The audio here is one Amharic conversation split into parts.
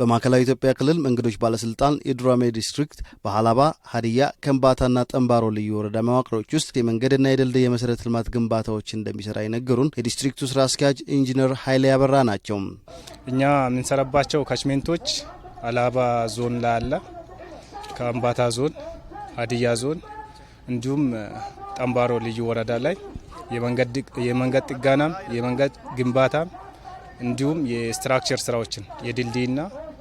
በማዕከላዊ ኢትዮጵያ ክልል መንገዶች ባለስልጣን የዱራሜ ዲስትሪክት በሀላባ፣ ሀዲያ፣ ከምባታና ጠንባሮ ልዩ ወረዳ መዋቅሮች ውስጥ የመንገድና የድልድይ የመሰረተ ልማት ግንባታዎች እንደሚሰራ የነገሩን የዲስትሪክቱ ስራ አስኪያጅ ኢንጂነር ኃይሌ ያበራ ናቸው። እኛ የምንሰራባቸው ካችሜንቶች አላባ ዞን ላይ አለ፣ ከምባታ ዞን፣ ሀዲያ ዞን እንዲሁም ጠንባሮ ልዩ ወረዳ ላይ የመንገድ ጥጋናም የመንገድ ግንባታም እንዲሁም የስትራክቸር ስራዎችን የድልድይና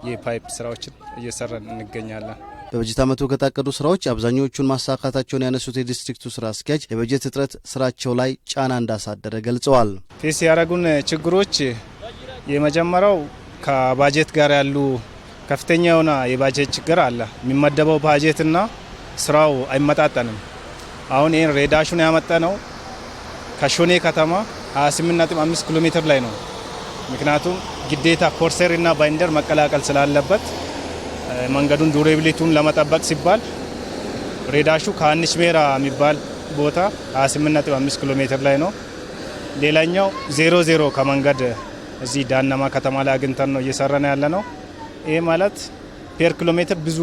የፓይፕ ስራዎችን እየሰራን እንገኛለን። በበጀት ዓመቱ ከታቀዱ ስራዎች አብዛኞቹን ማሳካታቸውን ያነሱት የዲስትሪክቱ ስራ አስኪያጅ የበጀት እጥረት ስራቸው ላይ ጫና እንዳሳደረ ገልጸዋል። ፌስ ያደረጉን ችግሮች የመጀመሪያው ከባጀት ጋር ያሉ ከፍተኛ የሆነ የባጀት ችግር አለ። የሚመደበው ባጀትና ስራው አይመጣጠንም። አሁን ይህን ሬዳሹን ያመጣ ነው ከሾኔ ከተማ 28.5 ኪሎ ሜትር ላይ ነው ምክንያቱም ግዴታ ኮርሴር እና ባይንደር መቀላቀል ስላለበት መንገዱን ዱሬብሊቱን ለመጠበቅ ሲባል ሬዳሹ ከአንሽ ሜራ የሚባል ቦታ 28.5 ኪሎ ሜትር ላይ ነው። ሌላኛው ዜሮ ዜሮ ከመንገድ እዚህ ዳነማ ከተማ ላይ አግኝተን ነው እየሰራን ያለ ነው። ይሄ ማለት ፔር ኪሎ ሜትር ብዙ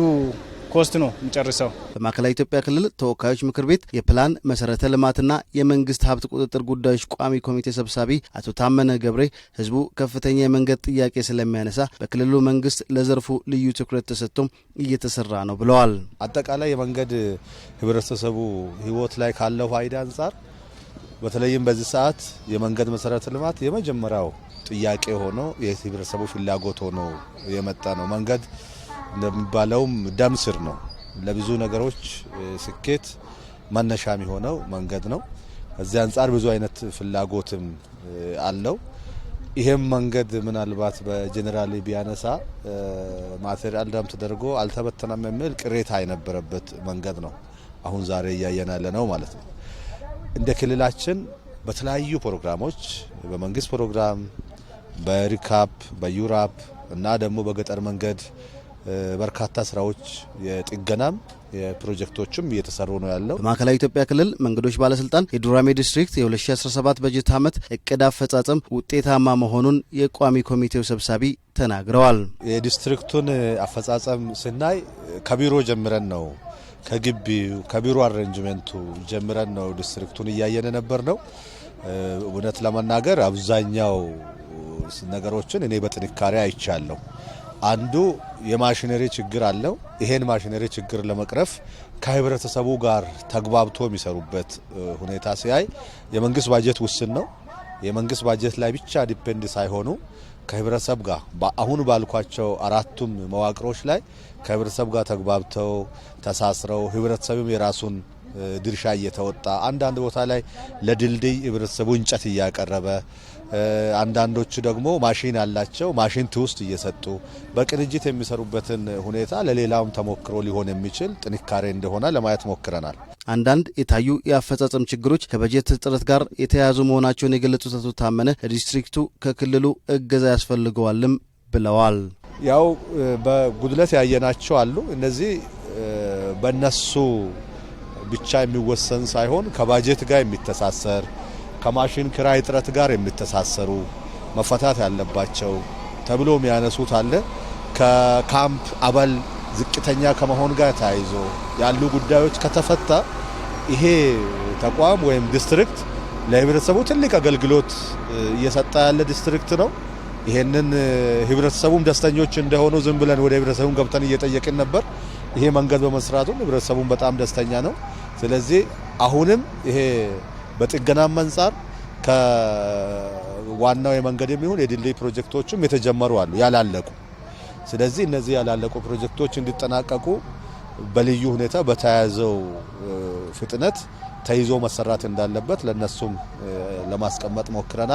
ኮስት ነው የሚጨርሰው። በማዕከላዊ ኢትዮጵያ ክልል ተወካዮች ምክር ቤት የፕላን መሰረተ ልማትና የመንግስት ሀብት ቁጥጥር ጉዳዮች ቋሚ ኮሚቴ ሰብሳቢ አቶ ታመነ ገብሬ ህዝቡ ከፍተኛ የመንገድ ጥያቄ ስለሚያነሳ በክልሉ መንግስት ለዘርፉ ልዩ ትኩረት ተሰጥቶም እየተሰራ ነው ብለዋል። አጠቃላይ የመንገድ ህብረተሰቡ ህይወት ላይ ካለው ፋይዳ አንጻር በተለይም በዚህ ሰዓት የመንገድ መሰረተ ልማት የመጀመሪያው ጥያቄ ሆኖ የህብረተሰቡ ፍላጎት ሆኖ የመጣ ነው መንገድ ለሚባለውም ደም ስር ነው። ለብዙ ነገሮች ስኬት መነሻ የሚሆነው መንገድ ነው። ከዚህ አንጻር ብዙ አይነት ፍላጎትም አለው። ይሄም መንገድ ምናልባት በጀኔራል ቢያነሳ ማቴሪያል ዳም ተደርጎ አልተበተነም የሚል ቅሬታ የነበረበት መንገድ ነው። አሁን ዛሬ እያየን ያለ ነው ማለት ነው። እንደ ክልላችን በተለያዩ ፕሮግራሞች በመንግስት ፕሮግራም፣ በሪካፕ፣ በዩራፕ እና ደግሞ በገጠር መንገድ በርካታ ስራዎች የጥገናም የፕሮጀክቶችም እየተሰሩ ነው ያለው። በማዕከላዊ ኢትዮጵያ ክልል መንገዶች ባለስልጣን የዱራሜ ዲስትሪክት የ2017 በጀት ዓመት እቅድ አፈጻጸም ውጤታማ መሆኑን የቋሚ ኮሚቴው ሰብሳቢ ተናግረዋል። የዲስትሪክቱን አፈጻጸም ስናይ ከቢሮ ጀምረን ነው ከግቢው ከቢሮ አሬንጅመንቱ ጀምረን ነው ዲስትሪክቱን እያየን ነበር ነው። እውነት ለመናገር አብዛኛው ነገሮችን እኔ በጥንካሬ አይቻለሁ። አንዱ የማሽነሪ ችግር አለው። ይሄን ማሽነሪ ችግር ለመቅረፍ ከህብረተሰቡ ጋር ተግባብቶ የሚሰሩበት ሁኔታ ሲያይ የመንግስት ባጀት ውስን ነው። የመንግስት ባጀት ላይ ብቻ ዲፔንድ ሳይሆኑ ከህብረተሰብ ጋር አሁን ባልኳቸው አራቱም መዋቅሮች ላይ ከህብረተሰብ ጋር ተግባብተው ተሳስረው ህብረተሰብም የራሱን ድርሻ እየተወጣ አንዳንድ ቦታ ላይ ለድልድይ ህብረተሰቡ እንጨት እያቀረበ አንዳንዶቹ ደግሞ ማሽን ያላቸው ማሽን ትውስት እየሰጡ በቅንጅት የሚሰሩበትን ሁኔታ ለሌላውም ተሞክሮ ሊሆን የሚችል ጥንካሬ እንደሆነ ለማየት ሞክረናል። አንዳንድ የታዩ የአፈጻጸም ችግሮች ከበጀት እጥረት ጋር የተያያዙ መሆናቸውን የገለጹት አቶ ታመነ ዲስትሪክቱ ከክልሉ እገዛ ያስፈልገዋልም ብለዋል። ያው በጉድለት ያየናቸው አሉ። እነዚህ በነሱ ብቻ የሚወሰን ሳይሆን ከባጀት ጋር የሚተሳሰር ከማሽን ክራይ እጥረት ጋር የሚተሳሰሩ መፈታት ያለባቸው ተብሎ የሚያነሱት አለ። ከካምፕ አባል ዝቅተኛ ከመሆን ጋር ተያይዞ ያሉ ጉዳዮች ከተፈታ ይሄ ተቋም ወይም ዲስትሪክት ለህብረተሰቡ ትልቅ አገልግሎት እየሰጠ ያለ ዲስትሪክት ነው። ይሄንን ህብረተሰቡም ደስተኞች እንደሆኑ ዝም ብለን ወደ ህብረተሰቡም ገብተን እየጠየቅን ነበር። ይሄ መንገድ በመስራቱ ህብረተሰቡን በጣም ደስተኛ ነው። ስለዚህ አሁንም ይሄ በጥገናም አንጻር ከዋናው የመንገድ የሚሆን የድልድይ ፕሮጀክቶችም የተጀመሩ አሉ ያላለቁ። ስለዚህ እነዚህ ያላለቁ ፕሮጀክቶች እንዲጠናቀቁ በልዩ ሁኔታ በተያያዘው ፍጥነት ተይዞ መሰራት እንዳለበት ለእነሱም ለማስቀመጥ ሞክረናል።